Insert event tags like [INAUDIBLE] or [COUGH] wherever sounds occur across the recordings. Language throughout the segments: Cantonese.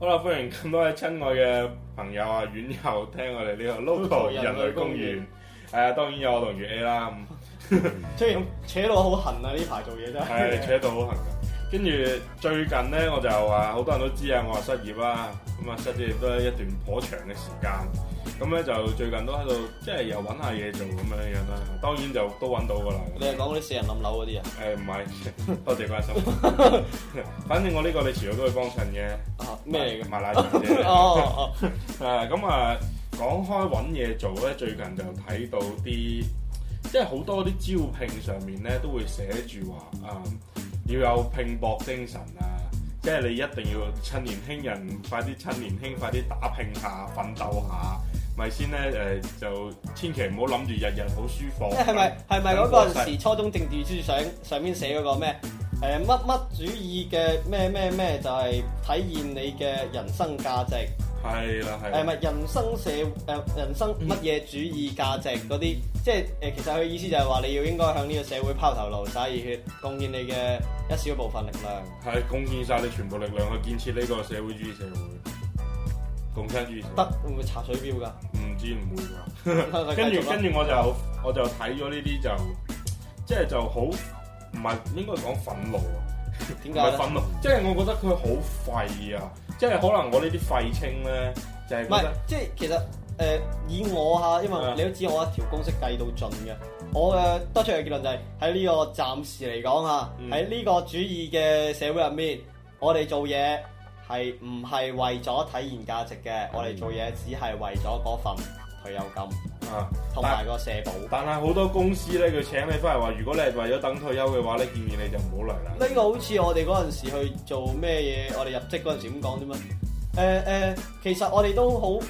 好啦，歡迎咁多位親愛嘅朋友啊，院友聽我哋呢個 local 人類公園。誒， [LAUGHS] 當然有我同月 A 啦。即係 [LAUGHS] 咁所以 [LAUGHS] 扯到我好痕啊，呢排做嘢真係。係 [LAUGHS] 扯到好痕啊。跟住最近咧，我就話好多人都知啊，我話失業啦，咁啊失業都係一段頗長嘅時間。咁咧就最近都喺度，即係又揾下嘢做咁樣樣啦。當然就都揾到噶啦。你係講嗰啲四人冧樓嗰啲啊？誒唔係，多謝關心。 [LAUGHS] [LAUGHS] 反正我呢個你遲早都會幫襯嘅。咩嚟嘅？賣奶茶啫。哦哦。咁 [LAUGHS] 啊，講開揾嘢做咧，最近就睇到啲，即係好多啲招聘上面咧都會寫住話啊。嗯要有拼搏精神啊！即係你一定要趁年輕人快啲，趁年輕快啲打拼下、奮鬥下，咪先咧，誒、呃，就千祈唔好諗住日日好舒服。係咪，係咪嗰個陣時初中政治書上上面寫嗰個咩誒乜乜主義嘅咩咩咩就係體現你嘅人生價值。係啦，係。誒係人生社誒人生乜嘢主義價值嗰啲，嗯，即係誒其實佢意思就係話你要應該向呢個社會拋頭顱灑熱血，貢獻你嘅一小部分力量。係貢獻晒你全部力量去建設呢個社會主義社會，共產主義。得會唔會查水表㗎？唔知唔會。會會會 [LAUGHS] 跟住跟住我就我就睇咗呢啲就，即係就好唔係應該講憤怒點解？唔即係我覺得佢好廢啊！即係可能我這些廢呢啲廢青咧，就係唔係？即係其實誒，以我吓，因為你都知道我一條公式計到盡嘅，我嘅得出嘅結論就係喺呢個暫時嚟講吓，喺呢個主義嘅社會入面，嗯、我哋做嘢係唔係為咗體現價值嘅，我哋做嘢只係為咗嗰份。退休金啊，同埋個社保啊。但係好多公司咧，佢請你翻嚟，話如果你係為咗等退休嘅話咧，建議你就唔好嚟啦。呢個好似我哋嗰陣時去做咩嘢，我哋入職嗰陣時咁講啫嘛。誒、嗯、誒、呃呃，其實我哋都好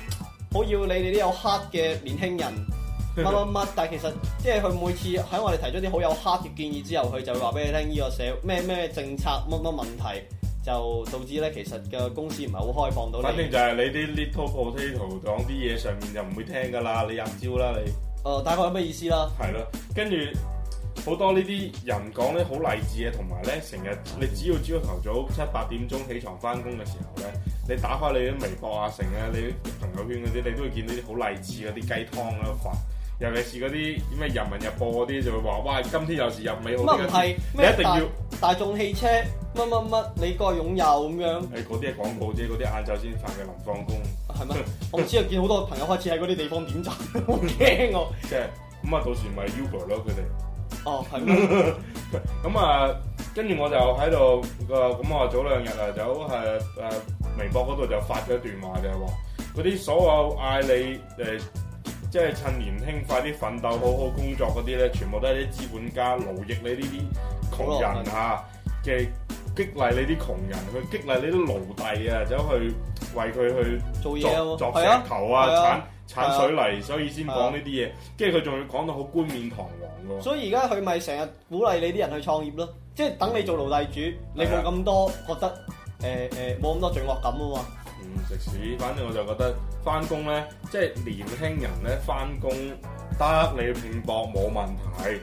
好要你哋啲有 heart 嘅年輕人乜乜乜， [LAUGHS] 但係其實，即係佢每次喺我哋提出啲好有 heart 嘅建議之後，佢就會話俾你聽呢個社咩咩政策乜乜問題。就導致咧，其實嘅公司唔係好開放到。反正就係你啲 little potato 講啲嘢上面就唔會聽㗎啦，你入招啦你。誒、呃，大概有咩意思啦？係咯，跟住好多這些很呢啲人講咧，好勵志嘅，同埋咧成日你只要朝頭早七八點鐘起床翻工嘅時候咧，你打開你啲微博啊，成日你朋友圈嗰啲，你都會見到啲好勵志嗰啲雞湯啦發。尤其是嗰啲咩人民日報嗰啲就會話，哇！今天有時入尾，好多係？你一定要大，大眾汽車，乜乜乜，你該擁有。欸」咁樣。誒，嗰啲係廣告啫，嗰啲晏晝先發嘅臨放工。係咩？ [LAUGHS] 我知啊，見好多朋友開始喺嗰啲地方點贊，好驚我、嗯。即係咁啊，到時咪 Uber 咯，佢哋。哦，係咩？咁 [LAUGHS] 啊、嗯，跟住我就喺度個咁啊，我那那我早兩日啊，就喺誒微博嗰度就發咗一段話嘅話，嗰啲所有嗌你誒。即係趁年輕快啲奮鬥，好好工作嗰啲咧，全部都係啲資本家勞役你呢啲窮人嚇嘅激，激勵你啲窮人去激勵你啲奴隸，奴隸啊，走去為佢去做嘢喎，鑿石頭啊，鏟鏟水泥，所以先講呢啲嘢。即係佢仲要講到好冠冕堂皇喎。所以而家佢咪成日鼓勵你啲人去創業咯，即係等你做奴隸主，你冇咁多覺得誒誒冇咁多罪惡感啊嘛。唔食屎，反正我就覺得翻工咧，即係年輕人咧翻工得你去拼搏冇問題，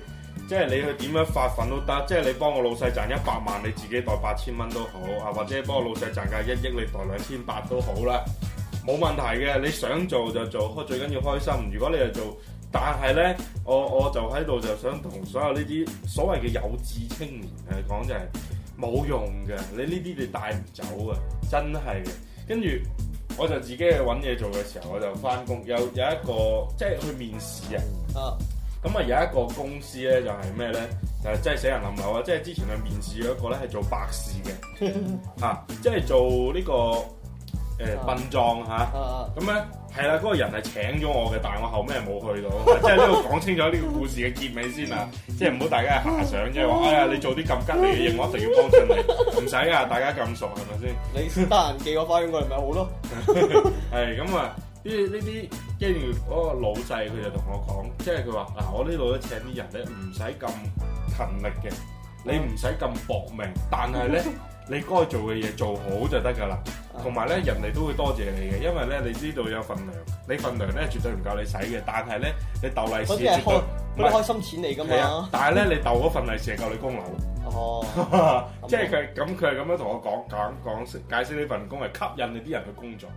即係你去點樣發奮都得，即係你幫我老細賺一百萬，你自己袋八千蚊都好啊，或者幫我老細賺嘅一億，你袋兩千八都好啦，冇問題嘅，你想做就做，最緊要開心。如果你係做，但係咧，我我就喺度就想同所有呢啲所謂嘅有志青年嚟講就係冇用嘅，你呢啲你帶唔走嘅，真係。跟住，我就自己去揾嘢做嘅時候，我就翻工。有有一個即係去面試啊、嗯。啊，咁啊有一個公司咧就係咩咧？就係即係死人冧樓啊！即、就、係、是、之前去面試嗰個咧係做白事嘅、 [LAUGHS] 啊、即係做呢、這個。誒殯葬吓咁咧係啦，嗰、啊啊啊啊嗰個人係請咗我嘅，但係我後尾冇去到，即係呢度講清楚呢個故事嘅結尾先啊！即係唔好大家遐想，即係話哎呀，你做啲咁吉利嘅嘢，我一定要幫襯你，唔 [LAUGHS] 使啊！大家咁傻係咪先？你得閒寄我翻英國嚟咪好咯？係 [LAUGHS] 咁 [LAUGHS] 啊！呢呢啲跟住嗰個老細佢就同我講，即係佢話嗱，我呢度咧請啲人咧，唔使咁勤力嘅，你唔使咁搏命，嗯、但係咧你該做嘅嘢 [LAUGHS] 做好就得噶啦。同埋咧，人哋都會多謝你嘅，因為咧，你知道有份糧，你份糧咧絕對唔夠你使嘅。但係咧，你逗利是，是，是，嗰啲開心錢嚟噶嘛？係啊！但係咧，你逗嗰份利是夠你供樓。哦，即係佢咁，佢係咁樣同我講講講解釋呢份工係吸引你啲人去工作，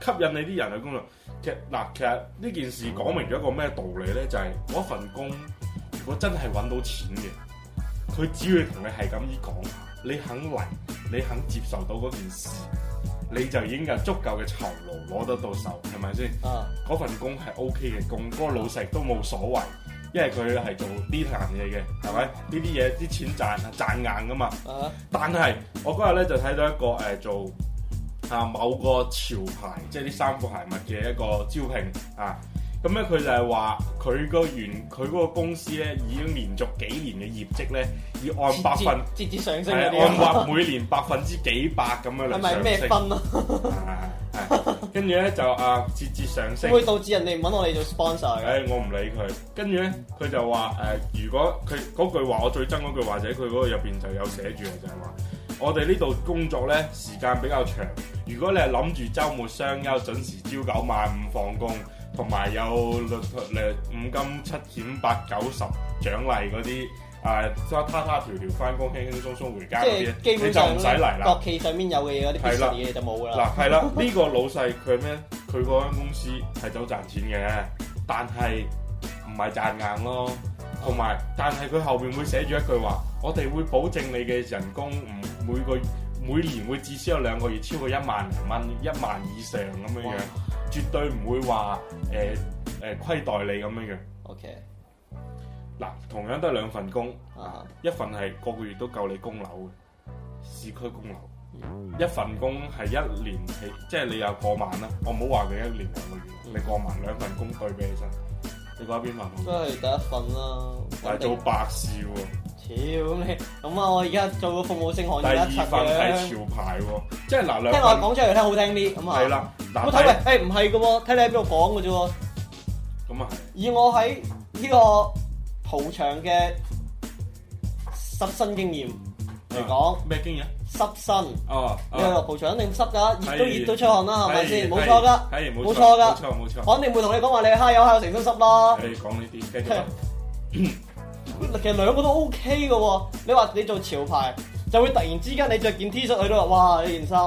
吸引你啲人去工作。其實嗱，其實呢件事講明咗一個咩道理咧？就係、是、嗰份工，如果真係揾到錢嘅，佢只要同你係咁樣講，你肯嚟，你肯接受到嗰件事。你就已經有足夠嘅酬勞攞得到手，係咪先？嗰、啊、份工係 O K 嘅，咁嗰、嗰個老細都冇所謂，因為佢係做呢行嘢嘅，係咪？呢啲嘢啲錢賺，賺硬噶嘛。啊、但係我嗰日咧就睇到一個誒、呃、做啊某個潮牌，即係呢衫褲鞋襪嘅一個招聘啊。咁咧，佢就係話佢個原佢嗰個公司咧，已經連續幾年嘅業績咧，要按百分節節上升話，係按或每年百分之幾百咁樣係咪咩分啊？跟住咧就啊，節、啊、節、啊啊 [LAUGHS] 啊、上升。會導致人哋唔揾我哋做 sponsor 嘅、哎。我唔理佢。跟住咧，佢就話、呃、如果佢嗰句話，我最憎嗰句，或者佢嗰個入邊就有寫住嘅，就係、是、話我哋呢度工作咧時間比較長，如果你係諗住週末雙休，準時朝九晚五放工。同埋有律律五金七險八九十獎勵嗰啲，啊、呃，都他他條條翻工輕輕鬆鬆回家嗰啲，基本上你就唔使嚟啦。國企上面有嘅嘢，嗰啲別嘢就冇啦。嗱，係啦，呢個老細佢咩？佢嗰間公司係走賺錢嘅，但係唔係賺硬咯。同埋，但係佢後面會寫住一句話：我哋會保證你嘅人工，唔每個每年會至少有兩個月超過一萬零蚊，一萬以上咁樣樣。絕對唔會話誒誒虧待你咁樣樣。O K，嗱同樣都係兩份工，uh-huh. 一份係個個月都夠你供樓嘅市區供樓，mm-hmm. 一份工係一年起，即係你有過萬啦。我唔好話佢一年兩個月，mm-hmm. 你過萬兩份工對比起身，你覺得邊份好？即係第一份啦。我係做百事喎。屌咁你，咁啊！我而家做個服務性，行業一層嘅。第二份係潮牌喎，即係嗱，聽我講出嚟聽、嗯、好聽啲，咁、嗯、啊。係啦，嗱，睇喂，誒唔係嘅喎，睇你喺邊度講嘅啫喎。咁、嗯、啊。以我喺呢個蒲場嘅濕身經驗嚟講，咩經驗？濕身。哦。你入蒲、啊、場肯定濕㗎，熱都熱到出汗啦，係咪先？冇錯㗎，冇錯㗎，冇錯冇錯，肯定會同你講話你係有下成身濕啦。你講呢啲繼續。其實兩個都 OK 嘅喎，你話你做潮牌，就會突然之間你着件 T 恤，佢都話：哇，呢件衫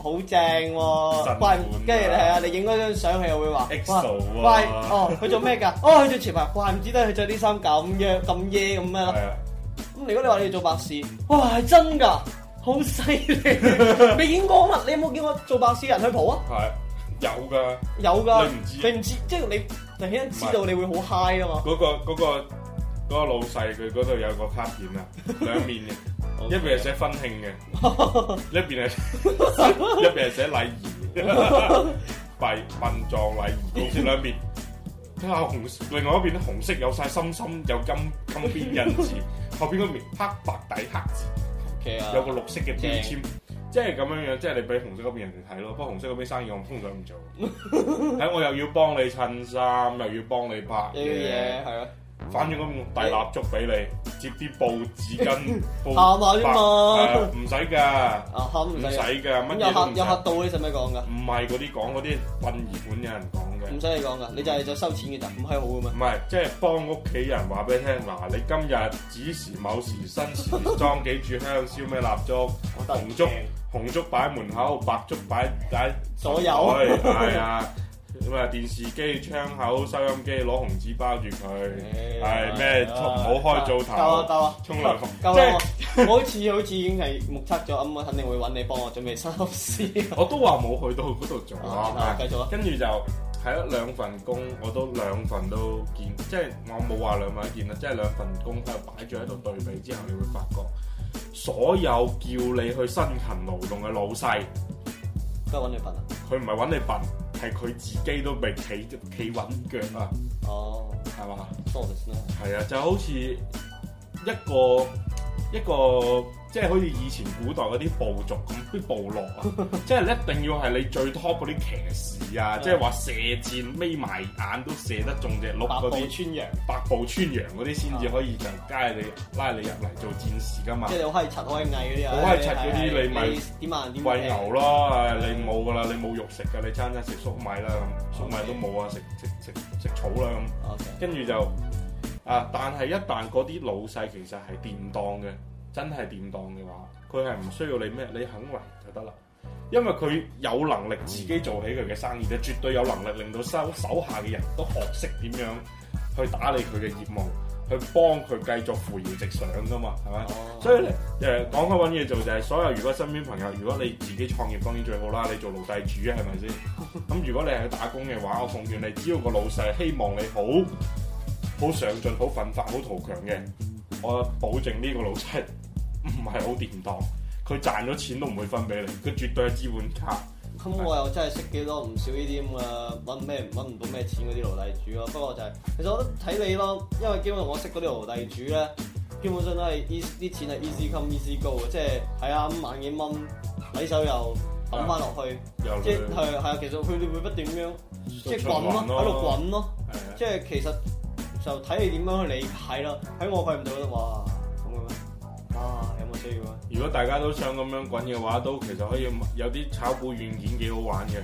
好正喎！哇，跟住係啊，你影嗰張相，佢又會話：哇，哇，哦，佢做咩噶？哦，佢做潮牌，哇，唔知得佢着啲衫咁樣咁耶咁樣咯？咁如果你話你做白事，哇，真噶，好犀利！未見過啊嘛，你有冇見過做白事人去蒲啊？係有噶，有噶，你唔知，你唔知，即係你突然間知道你會好 high 啊嘛。嗰個，嗰個。嗰、那個老細佢嗰度有個卡片啊，兩面嘅，一邊係寫婚慶嘅， [LAUGHS] 一邊係是 [LAUGHS] 一邊係寫禮儀嘅，殯葬禮儀，紅色兩面，睇 [LAUGHS] 下另外一邊咧紅色有晒深深，有金金邊印字， [LAUGHS] 後邊嗰邊黑白底黑字，okay. 有個綠色嘅標、okay. 籤，即係咁樣樣，即、就、係、是、你俾紅色嗰邊人哋睇咯，不過紅色嗰邊生意我通常唔做，睇 [LAUGHS] 我又要幫你襯衫，又要幫你拍嘢，yeah. Yeah. Yeah. Yeah. 翻咗咁大蠟燭俾你，接啲布紙巾，喊下啫嘛。唔使噶，唔使噶，乜嘢、啊、都唔使，有有吓到你使唔使講噶？唔係嗰啲講嗰啲殯儀館有人講嘅。唔使你講噶，你就係就收錢嘅咋，唔係好噶嘛。唔係，即係幫屋企人話俾你聽，嗱、嗯，你今日子時、某時、申時裝，裝 [LAUGHS] 幾柱香，燒咩蠟燭，紅燭、紅燭擺門口，嗯、白燭擺擺有？哎、左右。係啊。 [LAUGHS] 咁啊！電視機、窗口、收音機攞紅紙包住佢，係、哎、咩？唔、哎就是、好開灶頭，沖涼，即係好似好似已經係目測咗咁我肯定會揾你幫我準備收屍。我都話冇去到嗰度做啊，啊！繼續啊！跟住就係兩份工，我都兩份都見，即、就、係、是、我冇話兩份都見啦。即、就、係、是、兩份工喺度擺住喺度對比之後，你會發覺所有叫你去辛勤勞動嘅老細，都係揾你笨啊！佢唔係揾你笨。係佢自己都未企企穩腳啊！哦，係嘛？係啊，就好似一個一個。一個即係好似以前古代嗰啲部族咁啲部落啊，即係一定要係你最 top 嗰啲騎士啊，即係話射箭眯埋眼都射得中隻鹿嗰啲百步穿楊、百步穿楊嗰啲先至可以就你拉你拉你入嚟做戰士噶嘛。即係你可以拆閪毅嗰啲啊！好閪柒嗰啲你咪點啊？餵牛咯，你冇噶啦，你冇、啊、肉食噶，你餐餐食粟米啦咁，粟米都冇啊、okay.，食食食食草啦咁。跟住、okay. 就啊，但係一旦嗰啲老細其實係掂當嘅。真係掂當嘅話，佢係唔需要你咩？你肯為就得啦，因為佢有能力自己做起佢嘅生意嘅，就絕對有能力令到收手下嘅人都學識點樣去打理佢嘅業務，去幫佢繼續扶搖直上噶嘛，係、哦、咪、哦？所以咧，誒、哦，講開搵嘢做就係、是，所有如果身邊朋友，如果你自己創業當然最好啦，你做奴隸主係咪先？咁 [LAUGHS] 如果你係去打工嘅話，我奉勸你，只要個老細希望你好，好上進、好奮發、好圖強嘅，我保證呢個老細。唔係好掂當，佢賺咗錢都唔會分俾你，佢絕對係資本家。咁我又真係識幾多唔少呢啲咁嘅揾咩揾唔到咩錢嗰啲奴隸主咯。不過就係、是、其實我覺得睇你咯，因為基本上我識嗰啲奴隸主咧，基本上都係啲錢係 easy come easy go 嘅、就是，即係係啊五萬幾蚊，喺手又抌翻落去，即係係啊、就是、其實佢哋會怎不斷咁樣即係滾咯，喺度滾咯，即係、就是、其實就睇你點樣去理解咯。喺我睇唔到得哇咁樣。如果大家都想咁樣滾嘅話，都其實可以有啲炒股軟件幾好玩嘅，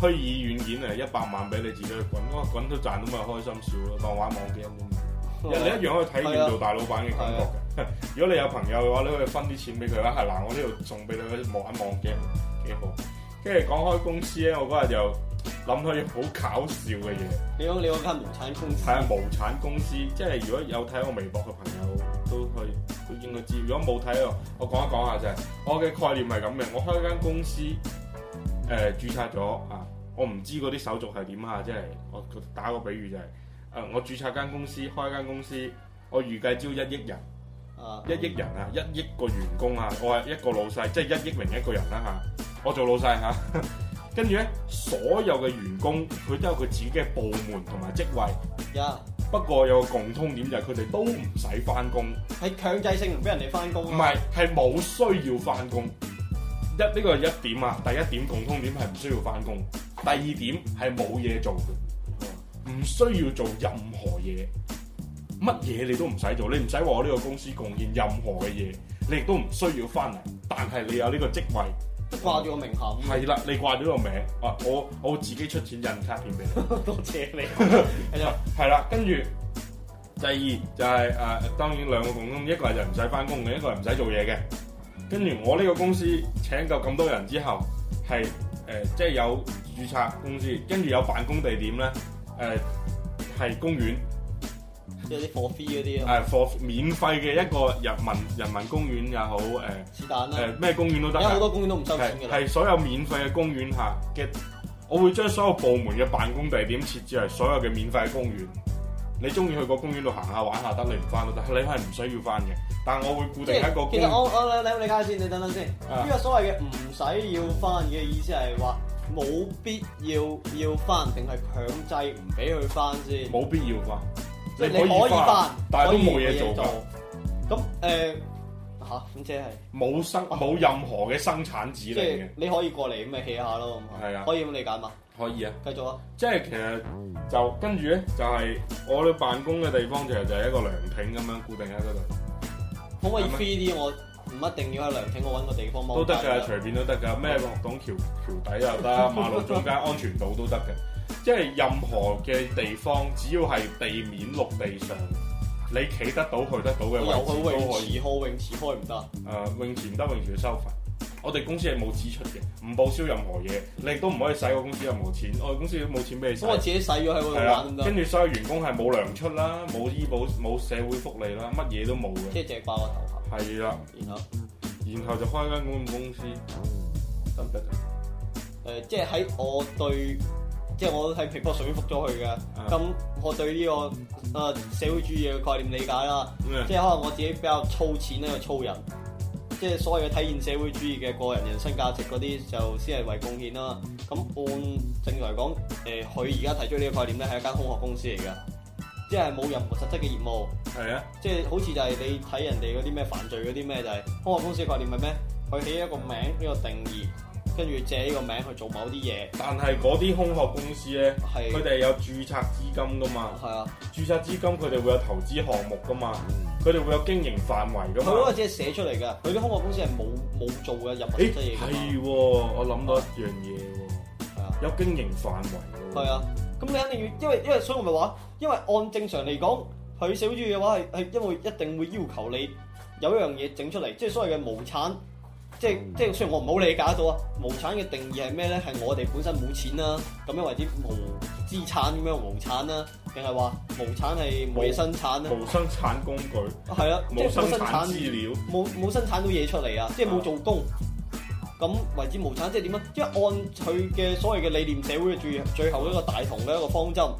虛擬軟件係一百萬俾你自己去滾咯，滾都賺到咪開心笑咯，當玩網 game 冇咩，你一樣可以體驗做大老闆嘅感覺嘅。如果你有朋友嘅話，你可以分啲錢俾佢啦。係嗱，我呢度送俾你啲玩網 game，幾好。跟住講開公司咧，我嗰日就諗咗啲好搞笑嘅嘢、就是。你講你講間無產公司，係呀無產公司，即係如果有睇我微博嘅朋友都去。如果冇睇喎，我講一講下。就係我嘅概念係咁嘅。我開間公司，誒、呃、註冊咗啊，我唔知嗰啲手續係點啊，即係我打個比喻就係、是，誒、啊、我註冊間公司，開間公司，我預計招一億人，一、uh-huh. 億人啊，一億個員工啊，我係一個老細，即係一億零一個人啦嚇、啊，我做老細嚇，跟住咧所有嘅員工佢都有佢自己嘅部門同埋職位。Yeah. 不過有個共通點就係佢哋都唔使翻工，係強制性唔俾人哋翻工，唔係係冇需要翻工。一呢個係一點啊，第一點共通點係唔需要翻工，第二點係冇嘢做，唔需要做任何嘢，乜嘢你都唔使做，你唔使話我呢個公司貢獻任何嘅嘢，你亦都唔需要翻嚟，但係你有呢個職位。掛咗個名銜，係、嗯、啦，你掛咗個名，我我我自己出錢印卡片俾你， [LAUGHS] 多謝、謝你。係 [LAUGHS] 啦，跟住第二就係、是、誒、呃，當然兩個共同，一個係就唔使翻工嘅，一個係唔使做嘢嘅。跟住我呢個公司請夠咁多人之後，係誒即係有註冊公司，跟住有辦公地點咧，誒、呃、係公園。即係啲 free 嗰啲啊！誒 for 免費嘅一個人民人民公園又好，誒、呃，是但啦，誒、呃、咩公園都得。而家好多公園都唔收錢嘅啦。係所有免費嘅公園下嘅，我會將所有部門嘅辦公地點設置為所有嘅免費嘅公園。你中意去個公園度行下玩下得，你唔翻咯，但係你係唔需要翻嘅。但係我會固定一個。其實我我你你睇下先，你等等先。呢個所謂嘅唔使要翻嘅意思係話冇必要要翻，定係強制唔俾佢翻先？冇必要翻。你可以翻，以翻以但係都冇嘢做。咁誒吓，咁即係冇生冇、啊、任何嘅生產指令嘅。你可以過嚟咁咪 hea 下咯，係啊，啊，可以咁理解嘛？可以啊，繼續啊。即係其實就跟住咧，就係、就是、我哋辦公嘅地方就係就係一個涼亭咁樣固定喺嗰度。可唔可以 free 啲？我唔一定要喺涼亭，我揾個地方踎都得噶，隨便都得噶。咩？棟橋橋底又得，馬路中間 [LAUGHS] 安全島都得嘅。即係任何嘅地方，只要係地面陸地上，你企得到去得到嘅位置都可以。泳池號泳池開唔、啊、得。誒，泳池唔得，泳池要收費。我哋公司係冇支出嘅，唔報銷任何嘢，你亦都唔可以使我公司任何錢。我哋公司都冇錢俾你。所以自己使咗喺度玩。跟住所有員工係冇糧出啦，冇醫保，冇社會福利啦，乜嘢都冇嘅。即係淨係掛個頭銜。係啦、嗯。然後，然後就開間咁嘅公司。咁得誒，即係喺我對。即係我都喺 Facebook 上面覆咗佢嘅，咁我對呢個誒社會主義嘅概念理解啦，即係可能我自己比較粗淺呢個粗人，即係所謂嘅體現社會主義嘅個人人生價值嗰啲，就先係為貢獻啦。咁按正來講，誒佢而家提出呢個概念咧，係一間空殼公司嚟嘅，即係冇任何實質嘅業務。係啊，即係好似就係你睇人哋嗰啲咩犯罪嗰啲咩，就係空殼公司嘅概念係咩？佢起一個名呢個定義。跟住借呢個名去做某啲嘢，但係嗰啲空殼公司咧，佢哋、啊、有註冊資金噶嘛？係啊，註冊資金佢哋會有投資項目噶嘛？佢哋會有經營範圍噶嘛、啊？佢嗰個只係寫出嚟㗎，佢啲空殼公司係冇冇做嘅任何一啲嘢。係喎、啊，我諗到一樣嘢喎，啊，有經營範圍。係啊，咁你肯定要，因為因為所以我咪話，因為按正常嚟講，佢寫住嘅話係係因為一定會要求你有一樣嘢整出嚟，即係所謂嘅無產。即係即係，雖然我唔好理解到啊，啊，啊！無產嘅定義係咩咧？係我哋本身冇錢啦，咁樣為之無資產咁樣無產啦，定係話無產係無生產啦？無生產工具。係啊，啊，啊，即係冇生產資料，冇冇生產到嘢出嚟啊！即係冇做工，咁、啊、為之無產即係點啊？即係按佢嘅所謂嘅理念，社會主義最後一個大同嘅一個方針。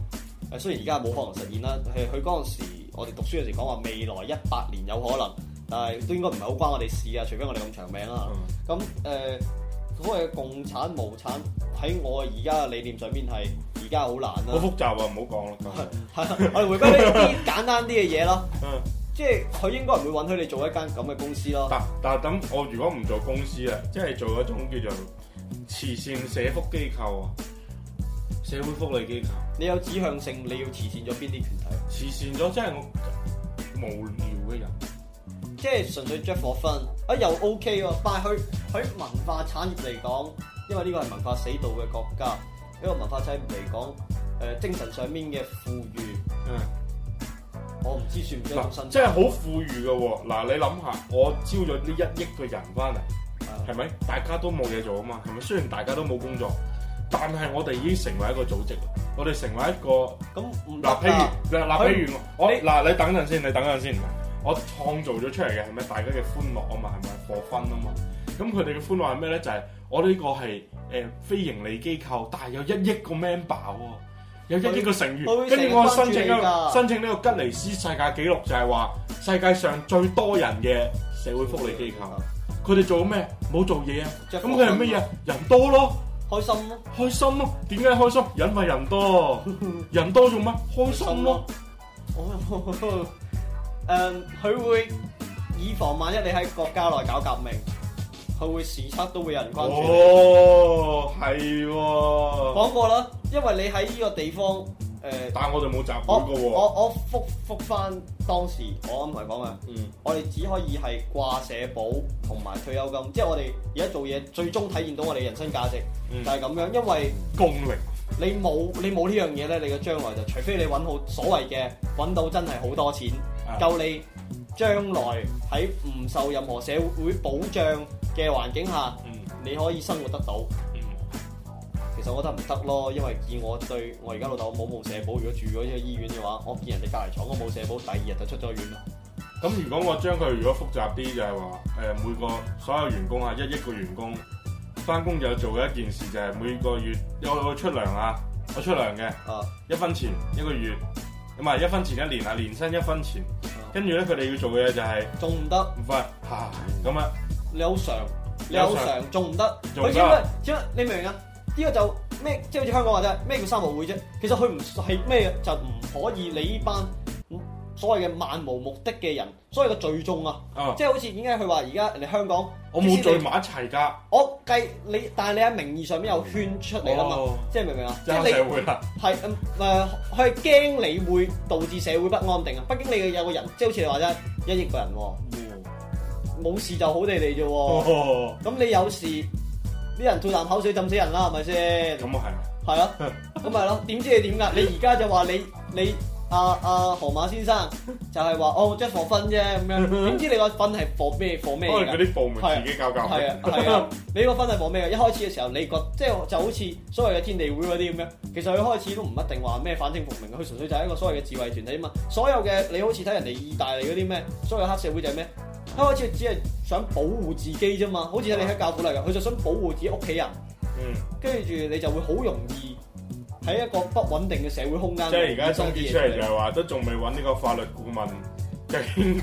誒，雖然而家冇可能實現啦，係佢嗰時候我哋讀書嘅時講話未來一百年有可能。但係都應該唔係好關我哋事啊，除非我哋咁長命啦。咁、嗯、誒，所謂共產無產喺我而家嘅理念上邊係而家好難啦。好複雜啊，唔好講啦。謝謝 [LAUGHS] [LAUGHS] 我哋回歸呢啲簡單啲嘅嘢咯。即係佢應該唔會允許你做一間咁嘅公司咯。但但係等我如果唔做公司啊，即係做一種叫做慈善社福機構啊，社會福利機構。你有指向性，你要慈善咗邊啲團體？慈善咗，即係我無聊嘅人。即係純粹着火分，啊又 OK 喎，但係佢喺文化產業嚟講，因為呢個係文化死道嘅國家，呢個文化產業嚟講，誒、呃、精神上面嘅富裕，嗯，我唔知算唔算即係好富裕嘅喎、啊。嗱、啊，你諗下，我招咗呢一億個人翻嚟，係、啊、咪？大家都冇嘢做啊嘛，係咪？雖然大家都冇工作，但係我哋已經成為一個組織，我哋成為一個咁嗱，譬如嗱，譬、啊、如、啊、我嗱、哦啊，你等陣先，你等陣先。我創造咗出嚟嘅係咪大家嘅歡樂啊嘛，係咪過分啊嘛？咁佢哋嘅歡樂係咩咧？就係、是、我呢個係誒、呃、非營利機構，但係有一億個 member 喎，有一億個成員，跟住我申請申請呢個吉尼斯世界紀錄就，就係話世界上最多人嘅社會福利機構。佢哋做咩？冇做嘢啊！咁佢係乜嘢？人多咯，開心咯、啊，開心咯、啊。點解開心？人咪人多， [LAUGHS] 人多做乜？開心咯、啊。 [LAUGHS] 誒、嗯，佢會以防萬一你喺國家內搞革命，佢會時刻都會有人關注。哦，係喎。講過啦，因為你喺呢個地方誒、呃，但係我哋冇集會我我，我，我，我覆覆翻當時我安排講嘅，我哋只可以係掛社保同埋退休金，即、就、係、是、我哋而家做嘢最終體現到我哋人生價值、嗯、就係、是、咁樣，因為共榮。功力你冇你冇呢樣嘢呢，你嘅將來就除非你搵好所謂嘅搵到真係好多錢，夠、啊、你將來喺唔受任何社會保障嘅環境下、嗯，你可以生活得到。嗯、其實我覺得唔得咯，因為以我對我而家老豆冇冇社保，如果住嗰啲醫院嘅話，我見人哋隔籬廠都冇社保，第二日就出咗院咯。咁如果我將佢如果複雜啲就係話，誒、呃、每個所有員工啊一億個員工。翻工就有做嘅一件事就係每個月有我出糧啊，我出糧嘅啊，一分錢一個月，咁啊一分錢一年啊，年薪一分錢，跟住咧佢哋要做嘅嘢就係做唔得？唔快咁啊！你有常，你有常做唔得？做點解？你明唔明啊？呢個就咩？即係好似香港話啫，咩叫三合會啫？其實佢唔係咩，就唔可以你呢班。所謂嘅漫無目的嘅人，所謂嘅聚眾啊，嗯、即係好似點解佢話而家人哋香港，我冇聚埋一齊㗎。我計、哦、你，但係你喺名義上邊有圈出嚟啦嘛，即係明唔明啊？即係社會係誒，佢係驚你會導致社會不安定啊！畢竟你有個人，即、就、係、是、好似你話啫，一億個人喎、啊，冇、嗯、事就好地地啫、啊。咁、哦、你有事，啲人吐啖口水浸死人啦，係咪先？咁、嗯嗯嗯、啊係。係 [LAUGHS] 咯、啊，咁咪咯，點知你點㗎？你而家就話你你。你啊，阿、啊、河馬先生就係話 [LAUGHS] 哦，即係 for fun 啫咁樣，點 [LAUGHS] 知你個 fun 係 for 咩 for 咩噶？當然嗰啲放咪自己教教咯。係啊，啊啊 [LAUGHS] 你個 fun 係 for 咩噶？一開始嘅時候你覺，你個即係就好似所謂嘅天地會嗰啲咁樣，其實佢開始都唔一定話咩反清復明，佢純粹就係一個所謂嘅智慧團體啊嘛。所有嘅你好似睇人哋意大利嗰啲咩，所謂黑社會就係咩？一開始只係想保護自己啫嘛，好似你喺教父嚟噶，佢就想保護自己屋企人。嗯，跟住你就會好容易。喺一個不穩定嘅社會空間，即係而家新現在出嚟，就係話都仲未揾呢個法律顧問，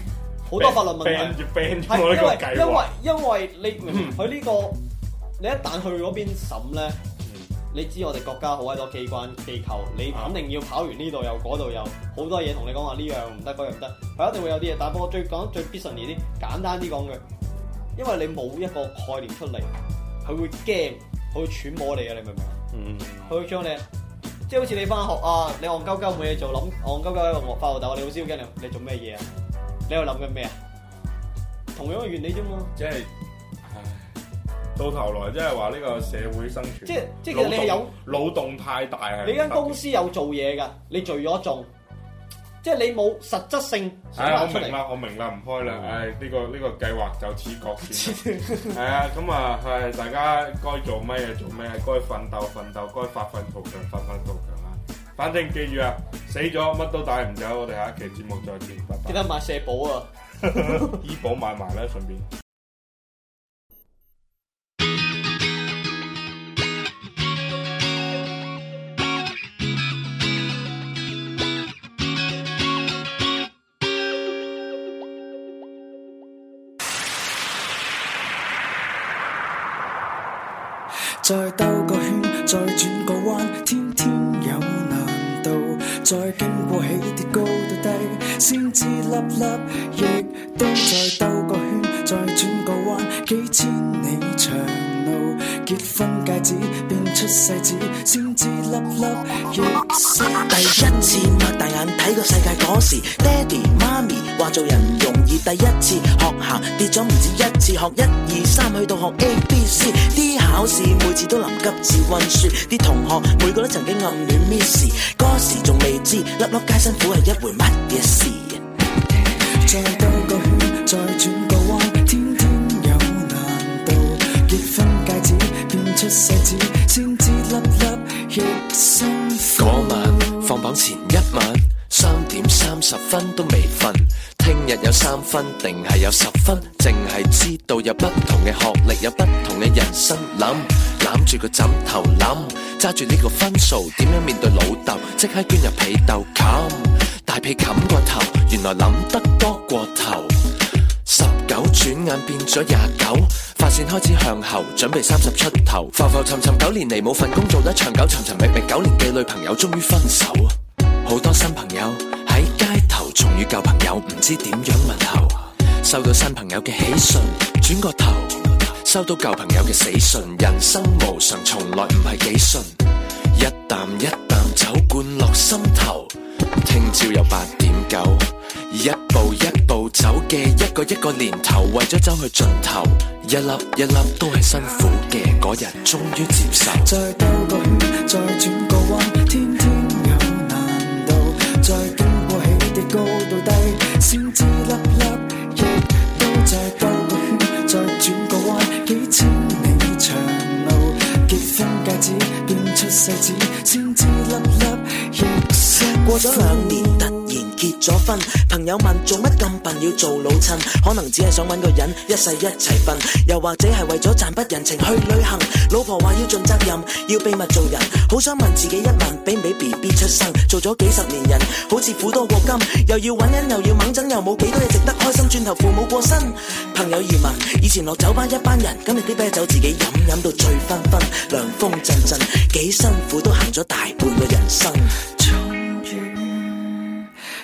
好 [LAUGHS] [LAUGHS] 多法律問題，係因為因為、這個、因為因為你佢呢、嗯，這個你一旦去嗰邊審咧，嗯，你知我哋國家好鬼多機關機構，你肯定要跑完呢度又嗰度，又好多嘢同你講話呢樣唔得嗰樣唔得，佢、這個、一定會有啲嘢。但係不過最講最 business 啲簡單啲講句，因為你冇一個概念出嚟，佢會驚，佢會揣摩你啊！你明唔明啊？嗯，佢會將你。即好似你翻學啊，你戇鳩鳩冇嘢做，諗戇鳩鳩喺個發號頭，你老師要驚你什麼，你做咩嘢啊？你喺度諗緊咩啊？同樣嘅原理啫嘛，即係到頭來即係話呢個社會生存，即即係其實你係有腦洞太大係，你間公司有做嘢㗎，你墜咗仲。即係你冇實質性、哎。我明啦，我明啦，唔開啦。係呢、哎呢個呢、呢個計劃就此擱淺。係啊，咁、哎、啊，大家該做咩嘢做咩嘢，該奮鬥奮鬥，該發奮圖強發奮圖強啦。反正記住啊，死咗乜都帶唔走。我哋下一期節目再見，拜拜。記得買社保啊， [LAUGHS] 醫保買埋啦，順便。再兜個圈，再轉個彎，天天有難度。再經過起跌高到低，先知粒粒亦都。再兜個圈，再轉個彎，幾千里長路，結婚戒指變出世紙。先第一次擘大眼睇個世界嗰時，爹哋媽咪話做人唔容易。第一次學行，跌咗唔止一次學。學一、二、三，去到學 A B C D。啲考試每次都臨急至溫書，啲同學每個都曾經暗戀 Miss。嗰時仲未知，粒粒皆辛苦係一回乜嘢事？分都未瞓，聽日有三分定係有十分，淨係知道有不同嘅學歷，有不同嘅人生。諗攬住個枕頭諗，揸住呢個分數點樣面對老豆？即刻捐入被竇冚，大被冚過頭，原來諗得多過頭。十九轉眼變咗廿九，髮線開始向後，準備三十出頭。浮浮沉沉九年嚟冇份工做得長久，尋尋覓覓九年嘅女朋友終於分手，好多新朋友。重遇舊朋友唔知點樣問候，收到新朋友嘅喜訊，轉個頭收到舊朋友嘅死訊。人生無常，從來唔係幾順，一啖一啖酒灌落心頭。聽朝又八點九，一步一步走嘅一個一個年頭，為咗走去盡頭，一粒一粒都係辛苦嘅，嗰日終於接受。再兜個圈，再轉個彎，天天。高到低，先知粒粒亦都在兜個圈，再轉個彎，幾千里長路，結婚戒指變出世紙，先知粒粒亦過咗兩年。結咗婚，朋友問做乜咁笨，要做老襯，可能只係想揾個人一世一齊瞓，又或者係為咗賺筆人情去旅行。老婆話要盡責任，要秘密做人，好想問自己一問，俾唔俾 B B 出生？做咗幾十年人，好似苦多過甘，又要揾人，又要猛診又冇幾多嘢值得開心，轉頭父母過身，朋友移民，以前落酒吧一班人，今日啲啤酒自己飲，飲到醉醺醺，涼風陣陣，幾辛苦都行咗大半個人生。